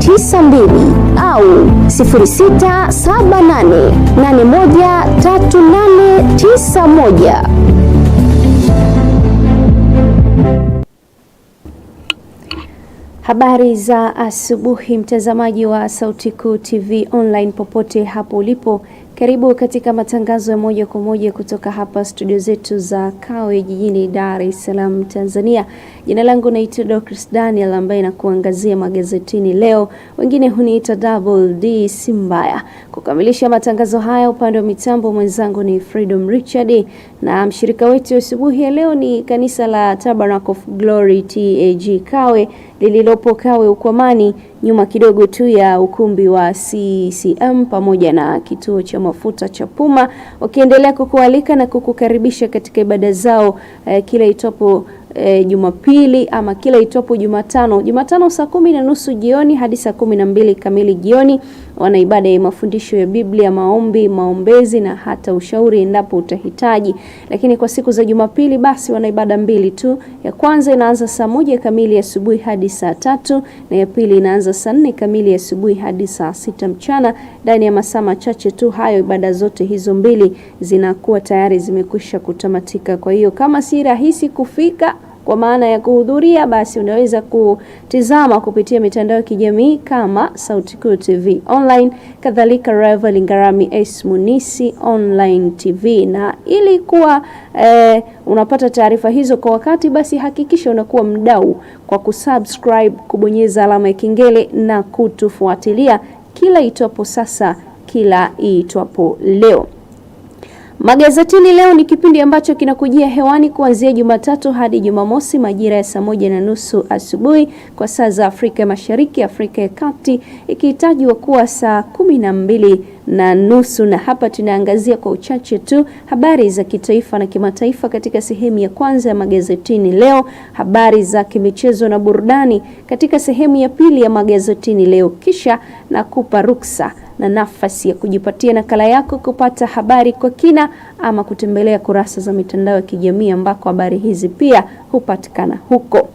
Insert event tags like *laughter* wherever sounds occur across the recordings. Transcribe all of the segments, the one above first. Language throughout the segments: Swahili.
92 au 0678813891. Habari za asubuhi, mtazamaji wa Sauti Kuu TV online popote hapo ulipo, karibu katika matangazo ya moja kwa moja kutoka hapa studio zetu za Kawe jijini Dar es Salaam, Tanzania. Jina langu naitwa Dorcas Daniel ambaye nakuangazia magazetini leo, wengine huniita Double D Simbaya. Kukamilisha matangazo haya upande wa mitambo mwenzangu ni Freedom Richard, na mshirika wetu asubuhi ya leo ni kanisa la Tabernacle of Glory TAG Kawe lililopo Kawe Ukwamani, nyuma kidogo tu ya ukumbi wa CCM pamoja na kituo cha mafuta cha Puma, wakiendelea kukualika na kukukaribisha katika ibada zao eh, kila itopo e, Jumapili ama kila itopo Jumatano. Jumatano saa kumi na nusu jioni hadi saa kumi na mbili kamili jioni wana ibada ya mafundisho ya Biblia, maombi, maombezi na hata ushauri endapo utahitaji. Lakini kwa siku za Jumapili basi wana ibada mbili tu. Ya kwanza inaanza saa moja kamili asubuhi hadi saa tatu na ya pili inaanza saa nne kamili asubuhi hadi saa sita mchana. Ndani ya masaa machache tu hayo ibada zote hizo mbili zinakuwa tayari zimekwisha kutamatika. Kwa hiyo kama si rahisi kufika kwa maana ya kuhudhuria, basi unaweza kutizama kupitia mitandao ya kijamii kama Sauti Kuu TV online, kadhalika Rev. Lingarami S Munisi online TV. Na ili kuwa eh, unapata taarifa hizo kwa wakati, basi hakikisha unakuwa mdau kwa kusubscribe, kubonyeza alama ya kengele na kutufuatilia kila itwapo sasa, kila itwapo leo. Magazetini leo ni kipindi ambacho kinakujia hewani kuanzia Jumatatu hadi Jumamosi majira ya saa moja na nusu asubuhi kwa saa za Afrika Mashariki, Afrika ya Kati ikihitajwa kuwa saa kumi na mbili na nusu na hapa tunaangazia kwa uchache tu habari za kitaifa na kimataifa katika sehemu ya kwanza ya magazetini leo, habari za kimichezo na burudani katika sehemu ya pili ya magazetini leo, kisha na kupa ruksa na nafasi ya kujipatia nakala yako, kupata habari kwa kina, ama kutembelea kurasa za mitandao ya kijamii ambako habari hizi pia hupatikana huko.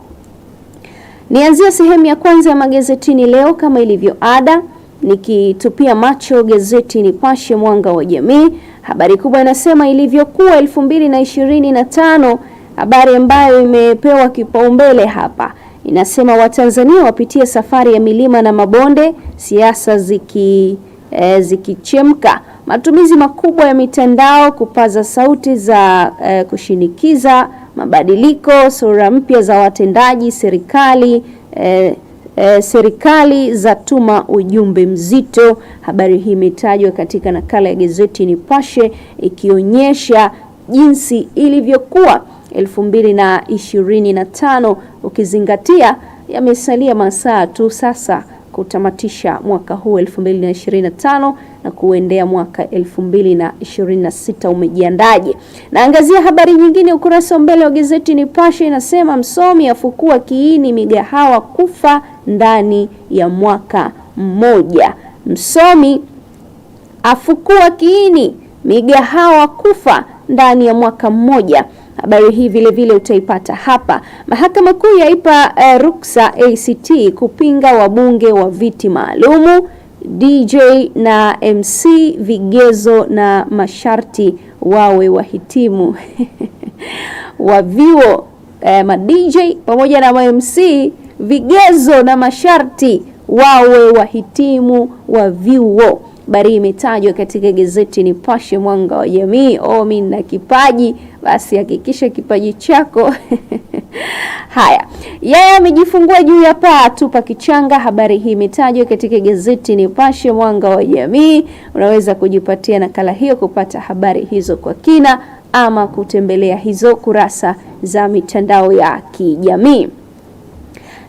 Nianzia sehemu ya kwanza ya magazetini leo kama ilivyo ada, nikitupia macho gazeti Nipashe Mwanga wa Jamii. Habari kubwa inasema ilivyokuwa 2025, habari ambayo imepewa kipaumbele hapa inasema Watanzania wapitia safari ya milima na mabonde, siasa ziki e, zikichemka. Matumizi makubwa ya mitandao kupaza sauti za e, kushinikiza mabadiliko, sura mpya za watendaji serikali e, E, serikali tuma ujumbe mzito. Habari hii imetajwa katika nakala ya gazeti Nipashe ikionyesha jinsi ilivyokuwa 2025 ukizingatia yamesalia masaa tu sasa kutamatisha mwaka huu 2025 na kuendea mwaka 2026 umejiandaje? Naangazia habari nyingine ukurasa wa mbele wa gazeti Nipashe inasema msomi afukua kiini migahawa kufa ndani ya mwaka mmoja. Msomi afukua kiini migahawa kufa ndani ya mwaka mmoja. Habari hii vile vile utaipata hapa. Mahakama Kuu yaipa uh, ruksa ACT kupinga wabunge wa viti maalumu, DJ na MC *laughs* eh, vigezo na masharti wawe wahitimu wa vyuo eh, ma DJ pamoja na ma MC vigezo na masharti wawe wahitimu wa vyuo habari imetajwa katika gazeti Nipashe Mwanga wa Jamii. Oh, mimi na kipaji, basi hakikisha kipaji chako *laughs* haya. Yeye amejifungua juu ya paa, tupa kichanga. Habari hii imetajwa katika gazeti Nipashe Mwanga wa Jamii. Unaweza kujipatia nakala hiyo kupata habari hizo kwa kina ama kutembelea hizo kurasa za mitandao ya kijamii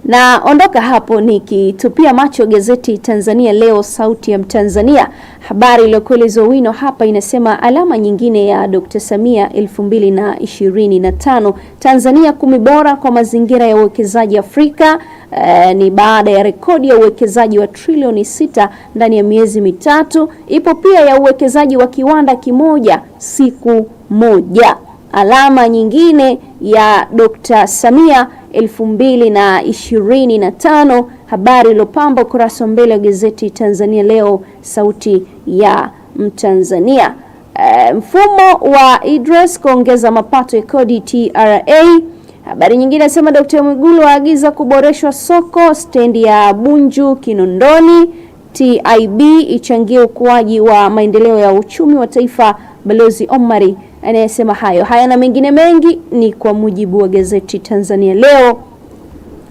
na ondoka hapo nikitupia macho gazeti Tanzania Leo, sauti ya Mtanzania. Habari iliyokolezwa wino hapa inasema alama nyingine ya Dr. Samia 2025 Tanzania kumi bora kwa mazingira ya uwekezaji Afrika. E, ni baada ya rekodi ya uwekezaji wa trilioni sita ndani ya miezi mitatu. Ipo pia ya uwekezaji wa kiwanda kimoja siku moja. Alama nyingine ya Dr. Samia elfu mbili na ishirini na tano. Habari iliyopamba ukurasa wa mbele wa gazeti Tanzania Leo, sauti ya Mtanzania. E, mfumo wa IDRAS kuongeza mapato ya kodi TRA. Habari nyingine asema Dkt. Mwigulu aagiza kuboreshwa soko stendi ya Bunju Kinondoni. TIB ichangie ukuaji wa maendeleo ya uchumi wa taifa, Balozi Omari anayesema hayo. Haya na mengine mengi ni kwa mujibu wa gazeti Tanzania Leo,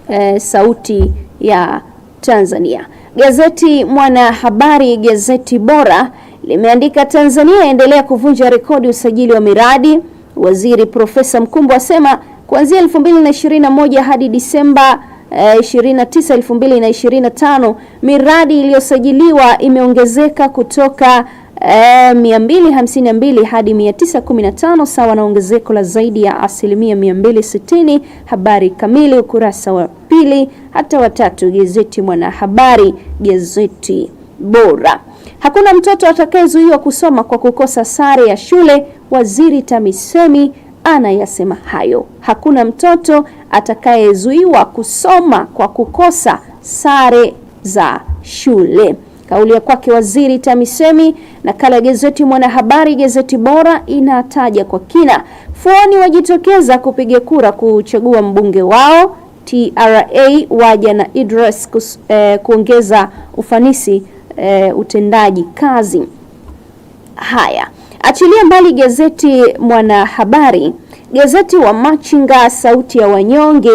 e, sauti ya Tanzania. Gazeti Mwanahabari, gazeti bora, limeandika Tanzania yaendelea kuvunja rekodi usajili wa miradi. Waziri Profesa Mkumbo asema kuanzia 2021 hadi Disemba 29, eh, 2025 miradi iliyosajiliwa imeongezeka kutoka e, eh, 252 hadi 915 sawa na ongezeko la zaidi ya asilimia 260. Habari kamili ukurasa wa pili hata watatu, gazeti Mwanahabari, gazeti bora. Hakuna mtoto atakayezuiwa kusoma kwa kukosa sare ya shule, waziri TAMISEMI anayasema hayo. Hakuna mtoto atakayezuiwa kusoma kwa kukosa sare za shule. Kauli ya kwake waziri TAMISEMI. Nakala ya gazeti Mwanahabari, gazeti bora, inataja kwa kina. Fuoni wajitokeza kupiga kura kuchagua mbunge wao. TRA waja na Idris kus, eh, kuongeza ufanisi eh, utendaji kazi. Haya, achilia mbali gazeti Mwanahabari, gazeti wa Machinga, sauti ya wanyonge.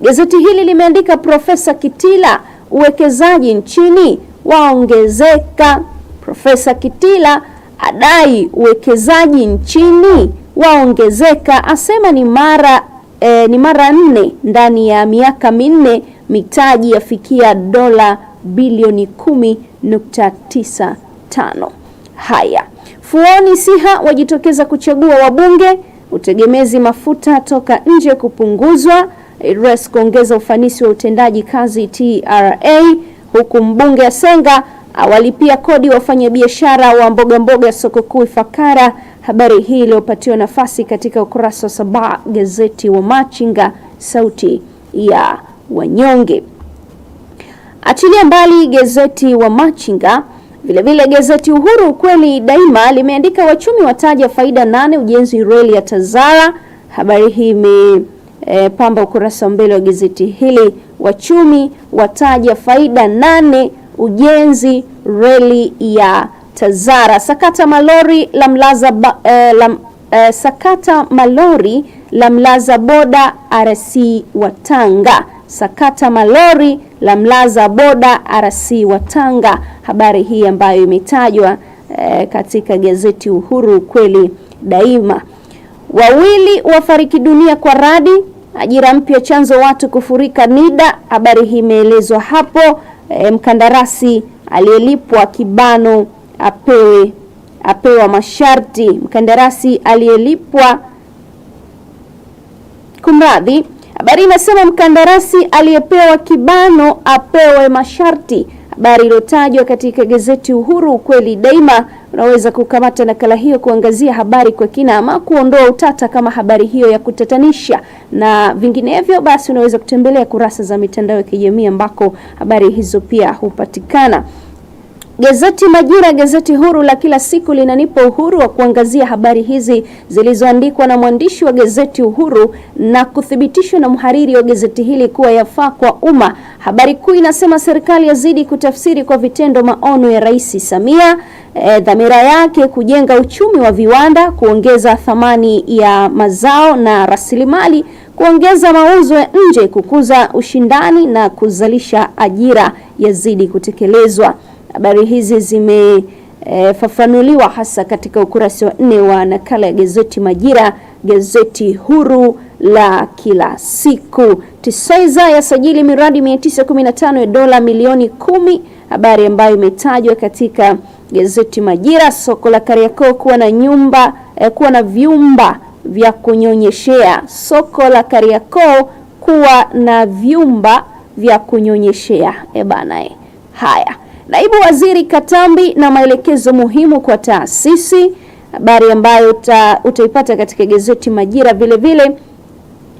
Gazeti hili limeandika Profesa Kitila, uwekezaji nchini waongezeka. Profesa Kitila adai uwekezaji nchini waongezeka, asema ni mara e, ni mara nne ndani ya miaka minne, mitaji yafikia dola bilioni 10.95. Haya, Fuoni Siha wajitokeza kuchagua wabunge, utegemezi mafuta toka nje kupunguzwa, Rais kuongeza ufanisi wa utendaji kazi TRA huku mbunge Asenga awalipia kodi wafanyabiashara wa mbogamboga soko kuu Ifakara. Habari hii iliyopatiwa nafasi katika ukurasa wa saba gazeti wa Machinga, sauti ya wanyonge. Achilia mbali gazeti wa Machinga, vilevile gazeti Uhuru, ukweli daima, limeandika wachumi wataja faida nane ujenzi reli ya Tazara. Habari hii imepamba eh, e, ukurasa wa mbele wa gazeti hili Wachumi wataja faida nane ujenzi reli ya Tazara. Sakata malori la mlaza ba, eh, la, eh, sakata malori la mlaza boda RC wa Tanga. Sakata malori la mlaza boda RC wa Tanga, habari hii ambayo imetajwa eh, katika gazeti Uhuru ukweli daima. Wawili wafariki dunia kwa radi Ajira mpya chanzo watu kufurika NIDA. Habari hii imeelezwa hapo. E, mkandarasi aliyelipwa kibano apewe apewa masharti. Mkandarasi aliyelipwa kumradhi, habari inasema mkandarasi aliyepewa kibano apewe masharti habari iliyotajwa katika gazeti Uhuru ukweli daima. Unaweza kukamata nakala hiyo kuangazia habari kwa kina ama kuondoa utata kama habari hiyo ya kutatanisha, na vinginevyo basi unaweza kutembelea kurasa za mitandao ya kijamii ambako habari hizo pia hupatikana. Gazeti Majira, gazeti huru la kila siku, linanipa uhuru wa kuangazia habari hizi zilizoandikwa na mwandishi wa gazeti Uhuru na kuthibitishwa na mhariri wa gazeti hili kuwa yafaa kwa umma. Habari kuu inasema serikali yazidi kutafsiri kwa vitendo maono ya Rais Samia, e, dhamira yake kujenga uchumi wa viwanda, kuongeza thamani ya mazao na rasilimali, kuongeza mauzo ya nje, kukuza ushindani na kuzalisha ajira yazidi kutekelezwa. Habari hizi zimefafanuliwa e, hasa katika ukurasa wa nne wa nakala ya gazeti Majira, gazeti huru la kila siku. Tisaiza yasajili miradi 915 ya dola milioni kumi, habari ambayo imetajwa katika gazeti Majira. Soko la Kariakoo kuwa na nyumba eh, kuwa na vyumba vya kunyonyeshea. Soko la Kariakoo kuwa na vyumba vya kunyonyeshea. E haya Naibu Waziri Katambi na maelekezo muhimu kwa taasisi, habari ambayo uta, utaipata katika gazeti Majira vile vile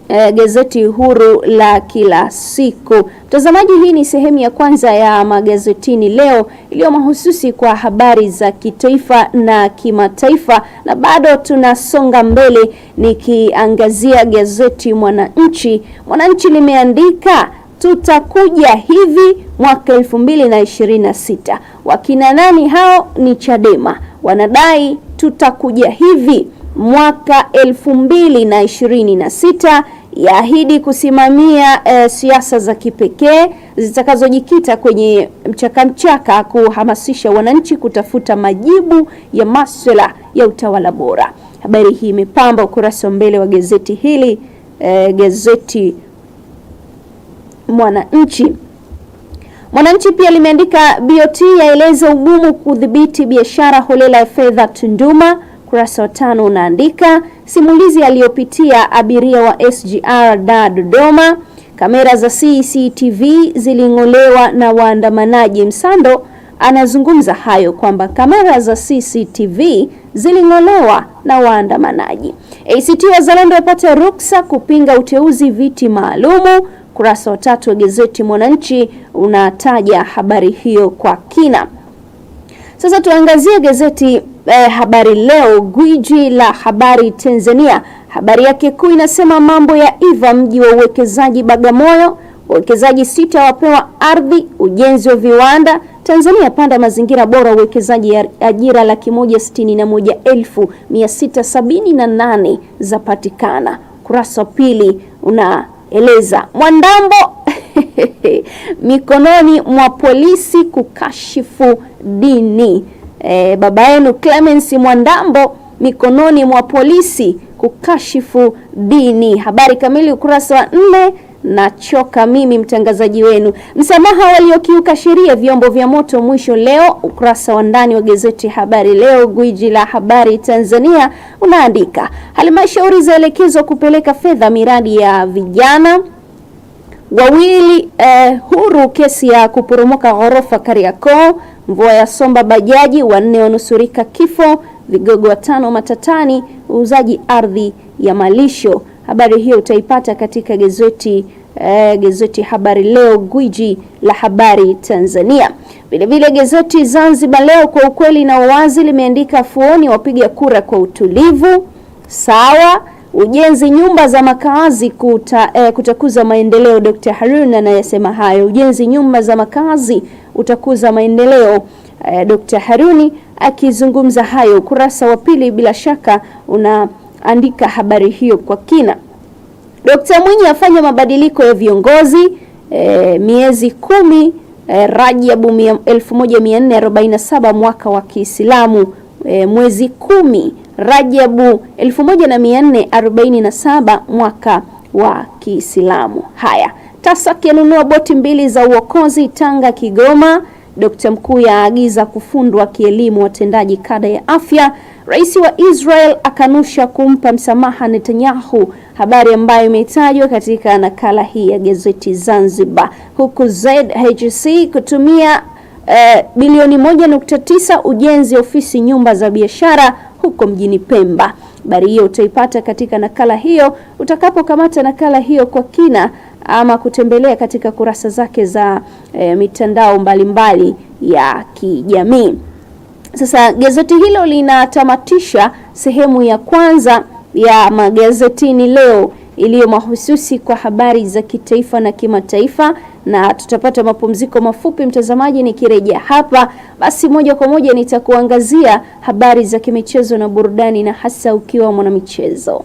eh, gazeti huru la kila siku. Mtazamaji, hii ni sehemu ya kwanza ya magazetini leo iliyo mahususi kwa habari za kitaifa na kimataifa, na bado tunasonga mbele nikiangazia gazeti Mwananchi. Mwananchi limeandika tutakuja hivi mwaka elfu mbili na ishirini na sita. Wakina nani hao? Ni Chadema wanadai tutakuja hivi mwaka elfu mbili na ishirini na sita yaahidi kusimamia e, siasa za kipekee zitakazojikita kwenye mchakamchaka kuhamasisha wananchi kutafuta majibu ya masuala ya utawala bora. Habari hii imepamba ukurasa wa mbele wa gazeti hili e, gazeti Mwananchi. Mwananchi pia limeandika BOT yaeleza ugumu kudhibiti biashara holela ya fedha Tunduma. Kurasa wa tano unaandika simulizi aliyopitia abiria wa SGR da Dodoma. Kamera za CCTV ziling'olewa na waandamanaji. Msando anazungumza hayo kwamba kamera za CCTV ziling'olewa na waandamanaji. ACT Wazalendo wapata ruksa kupinga uteuzi viti maalumu. Kurasa wa tatu wa gazeti Mwananchi unataja habari hiyo kwa kina. Sasa tuangazie gazeti eh, Habari Leo, gwiji la habari Tanzania. Habari yake kuu inasema mambo ya iva mji wa uwekezaji Bagamoyo, wawekezaji sita wapewa ardhi, ujenzi wa viwanda Tanzania panda mazingira bora uwekezaji, ajira laki moja sitini na moja elfu mia sita sabini na nane zapatikana. Kurasa pili una eleza Mwandambo *laughs* mikononi mwa polisi kukashifu dini. E, baba yenu Clemence Mwandambo mikononi mwa polisi kukashifu dini. Habari kamili ukurasa wa nne. Nachoka mimi mtangazaji wenu. Msamaha waliokiuka sheria vyombo vya moto, mwisho leo. Ukurasa wa ndani wa gazeti Habari Leo, gwiji la habari Tanzania, unaandika halmashauri zaelekezwa kupeleka fedha miradi ya vijana wawili eh, huru kesi ya kuporomoka ghorofa Kariakoo, mvua ya somba bajaji, wanne wanusurika kifo, vigogo watano matatani, uuzaji ardhi ya malisho Habari hiyo utaipata katika gazeti eh, gazeti Habari Leo, gwiji la habari Tanzania. Vilevile gazeti Zanzibar Leo kwa ukweli na uwazi limeandika fuoni wapiga kura kwa utulivu. Sawa, ujenzi nyumba za makazi kuta, eh, kutakuza maendeleo. Dr. Harun anayesema hayo, ujenzi nyumba za makazi utakuza maendeleo. Eh, Dkt. Haruni akizungumza hayo, ukurasa wa pili bila shaka una andika habari hiyo kwa kina. Dkt. Mwinyi afanya mabadiliko ya viongozi e, miezi kumi e, Rajabu 1447 mwaka wa Kiislamu e, mwezi kumi Rajabu 1447 mwaka wa Kiislamu. Haya, TASAC yanunua boti mbili za uokozi Tanga Kigoma. Dokta mkuu yaagiza kufundwa kielimu watendaji kada ya afya. Rais wa Israel akanusha kumpa msamaha Netanyahu, habari ambayo imetajwa katika nakala hii ya gazeti Zanzibar, huku ZHC kutumia eh, bilioni 19 tisa ujenzi ofisi nyumba za biashara huko mjini Pemba. Habari hiyo utaipata katika nakala hiyo utakapokamata nakala hiyo kwa kina ama kutembelea katika kurasa zake za e, mitandao mbalimbali mbali ya kijamii. Sasa gazeti hilo linatamatisha sehemu ya kwanza ya magazetini leo iliyo mahususi kwa habari za kitaifa na kimataifa, na tutapata mapumziko mafupi mtazamaji. Nikirejea hapa, basi moja kwa moja nitakuangazia habari za kimichezo na burudani, na hasa ukiwa mwanamichezo.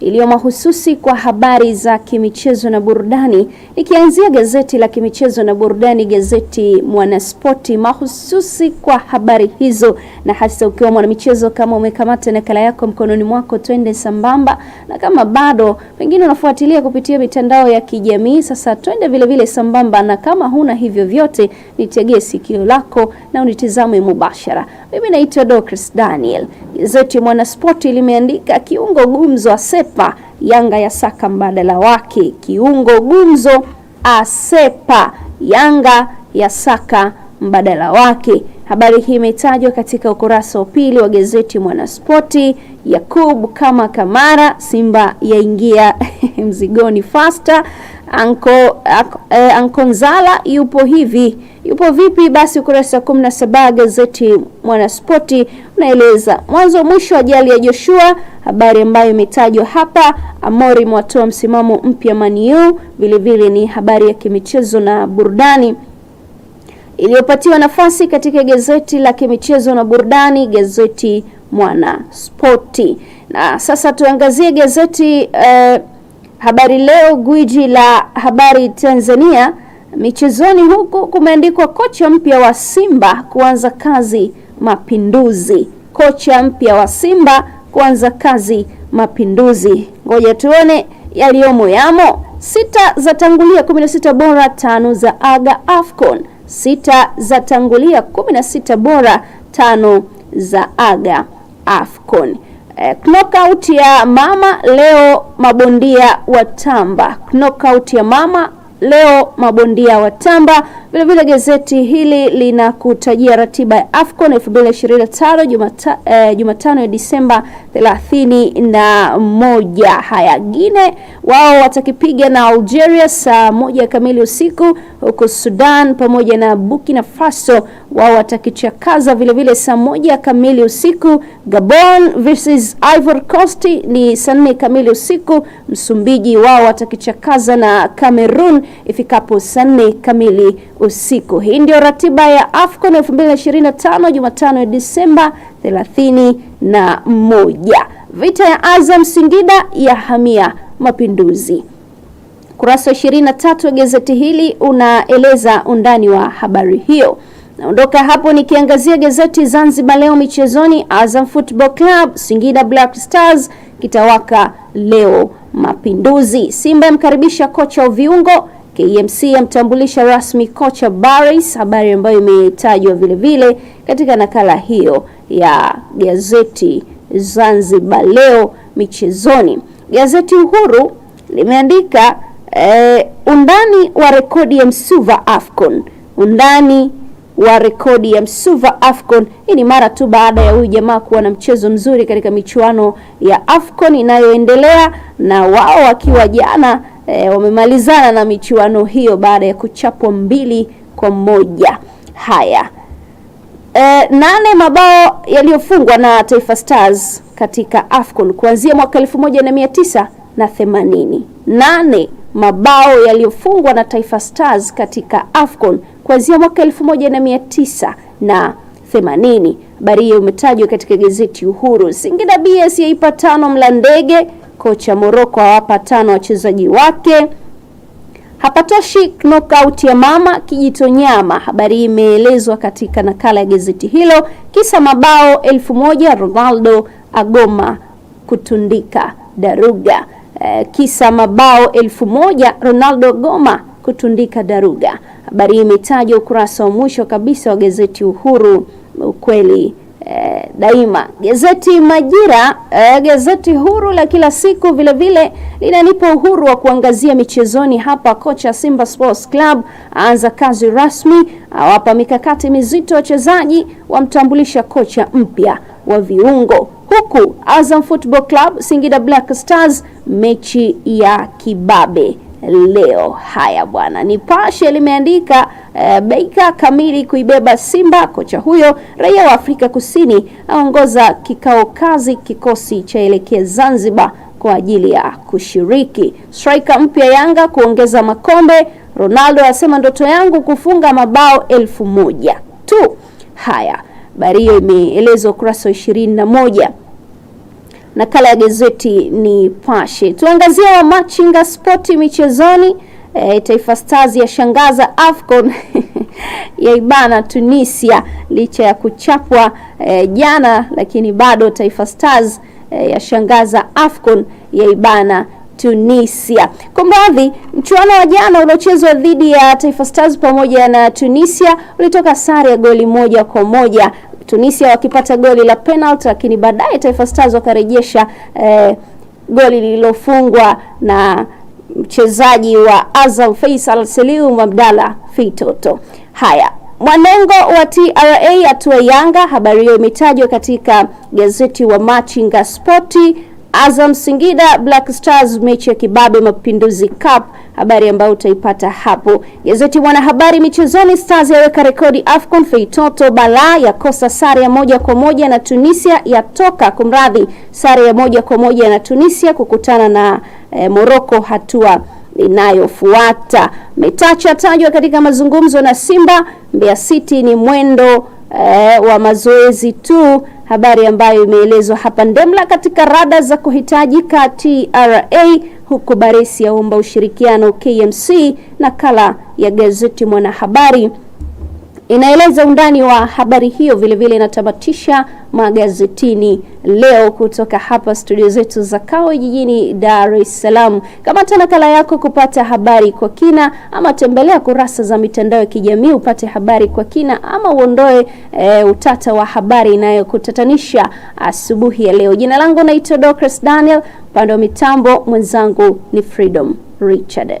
iliyo mahususi kwa habari za kimichezo na burudani, nikianzia gazeti la kimichezo na burudani, gazeti Mwanaspoti, mahususi kwa habari hizo, na hasa ukiwa mwanamichezo, kama umekamata nakala yako mkononi mwako, twende sambamba, na kama bado pengine unafuatilia kupitia mitandao ya kijamii, sasa twende vile vile sambamba, na kama huna hivyo vyote, nitegee sikio lako na unitizame mubashara. Mimi naitwa Dorcas Daniel. Gazeti Mwanaspoti limeandika kiungo gumzo asepa Yanga ya saka mbadala wake. Kiungo gumzo asepa Yanga ya saka mbadala wake. Habari hii imetajwa katika ukurasa wa pili wa gazeti Mwanaspoti. Yakub kama Kamara, Simba yaingia *laughs* mzigoni faster Anko, eh, Ankonzala yupo hivi yupo vipi? Basi ukurasa wa saba gazeti Mwanaspoti unaeleza mwanzo mwisho wa ajali ya Joshua, habari ambayo imetajwa hapa. Amori mwatoa msimamo mpya Maniu, vilevile ni habari ya kimichezo na burudani iliyopatiwa nafasi katika gazeti la kimichezo na burudani, gazeti Mwanaspoti. Na sasa tuangazie gazeti eh, Habari Leo, gwiji la habari Tanzania. Michezoni huku kumeandikwa kocha mpya wa Simba kuanza kazi Mapinduzi. Kocha mpya wa Simba kuanza kazi Mapinduzi. Ngoja tuone yaliyomo yamo. Sita za tangulia 16 bora, tano za aga Afcon. Sita za tangulia 16 bora, tano za aga Afcon. Eh, knockout ya mama leo, mabondia watamba. Knockout ya mama leo, mabondia watamba. Vile vile gazeti hili linakutajia ratiba ya Afcon 2025 Jumata, eh, Jumatano ya Disemba 31. Haya, gine wao watakipiga na Algeria saa moja kamili usiku huku Sudan pamoja na Burkina Faso wao watakichakaza vilevile saa moja kamili usiku. Gabon versus Ivory Coast ni saa nne kamili usiku. Msumbiji wao watakichakaza na Cameroon ifikapo saa nne kamili usiku. Hii ndio ratiba ya AFCON 2025 Jumatano ya Disemba 31. Vita ya Azam Singida ya hamia Mapinduzi. Ukurasa wa 23 wa gazeti hili unaeleza undani wa habari hiyo. Naondoka hapo nikiangazia gazeti Zanzibar Leo michezoni. Azam Football Club, Singida Black Stars kitawaka leo mapinduzi. Simba yamkaribisha kocha wa viungo. KMC yamtambulisha rasmi kocha Baris, habari ambayo imetajwa vile vile katika nakala hiyo ya gazeti Zanzibar Leo michezoni. Gazeti Uhuru limeandika Eh, undani wa rekodi ya Msuva Afcon, undani wa rekodi ya Msuva Afcon. Hii ni mara tu baada ya huyu jamaa kuwa na mchezo mzuri katika michuano ya Afcon inayoendelea na wao wakiwa jana e, wamemalizana na michuano hiyo baada ya kuchapwa mbili kwa moja. Haya e, nane mabao yaliyofungwa na Taifa Stars katika Afcon kuanzia mwaka 1980 na nane mabao yaliyofungwa na Taifa Stars katika Afcon kuanzia mwaka 1980. Habari hiyo imetajwa katika gazeti Uhuru. Singida BS yaipa tano Mlandege, kocha Moroko awapa tano wachezaji wake. Hapatoshi knockout ya mama Kijitonyama. Habari hii imeelezwa katika nakala ya gazeti hilo, kisa mabao elfu moja Ronaldo agoma kutundika daruga. Eh, kisa mabao elfu moja Ronaldo Goma kutundika daruga. Habari hii imetajwa ukurasa wa mwisho kabisa wa gazeti Uhuru, ukweli eh, daima. Gazeti Majira eh, gazeti huru la kila siku vilevile linanipa uhuru wa kuangazia michezoni. Hapa kocha Simba Sports Club aanza kazi rasmi, awapa mikakati mizito wachezaji, wamtambulisha kocha mpya wa viungo huku Azam Football Club Singida Black Stars mechi ya kibabe leo. Haya bwana, Nipashe limeandika e, eh, Beika kamili kuibeba Simba. Kocha huyo raia wa Afrika Kusini aongoza kikao kazi kikosi chaelekea Zanzibar kwa ajili ya kushiriki. Striker mpya Yanga kuongeza makombe. Ronaldo asema ndoto yangu kufunga mabao elfu moja tu. Haya, habari hiyo imeelezwa ukurasa wa ishirini na moja. Nakala ya gazeti ni Pashe. Tuangazia wamachinga spoti michezoni. E, Taifa Stars yashangaza Afcon *laughs* ya ibana Tunisia licha ya kuchapwa e, jana, lakini bado Taifa Stars e, yashangaza Afcon ya ibana Tunisia. Kumradhi, mchuano wa jana uliochezwa dhidi ya Taifa Stars pamoja na Tunisia ulitoka sare ya goli moja kwa moja Tunisia wakipata goli la penalty, lakini baadaye Taifa Stars wakarejesha eh, goli lililofungwa na mchezaji wa Azam Faisal Seliu Abdalla Fitoto. Haya, Mwanengo wa TRA hatua Yanga. Habari hiyo imetajwa katika gazeti wa Machinga Sporti Azam Singida Black Stars mechi ya kibabe Mapinduzi Cup, habari ambayo utaipata hapo. Gazeti Mwanahabari michezoni, Stars yaweka rekodi Afcon. Feitoto Bala yakosa sare ya moja kwa moja na Tunisia, yatoka kumradhi, sare ya moja kwa moja na Tunisia kukutana na e, Morocco hatua inayofuata. Metacha tajwa katika mazungumzo na Simba. Mbeya City ni mwendo eh, wa mazoezi tu, habari ambayo imeelezwa hapa. Ndemla katika rada za kuhitajika TRA, huku Baresi yaomba ushirikiano KMC. Nakala ya gazeti Mwanahabari inaeleza undani wa habari hiyo vilevile inatamatisha magazetini leo kutoka hapa studio zetu za Kawe jijini Dar es Salaam. Kamata nakala yako kupata habari kwa kina, ama tembelea kurasa za mitandao ya kijamii upate habari kwa kina, ama uondoe e, utata wa habari inayokutatanisha asubuhi ya leo. Jina langu naitwa Dorcas Daniel, upande wa mitambo mwenzangu ni Freedom Richard.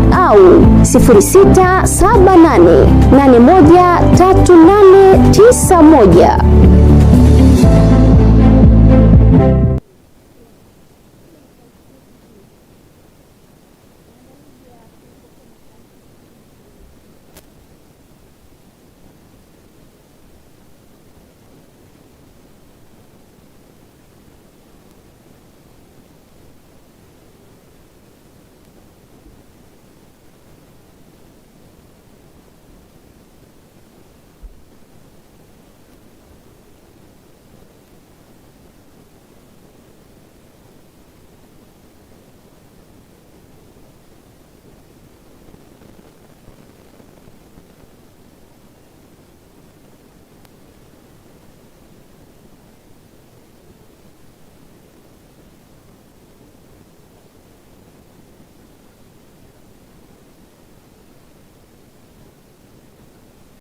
au 0678813891.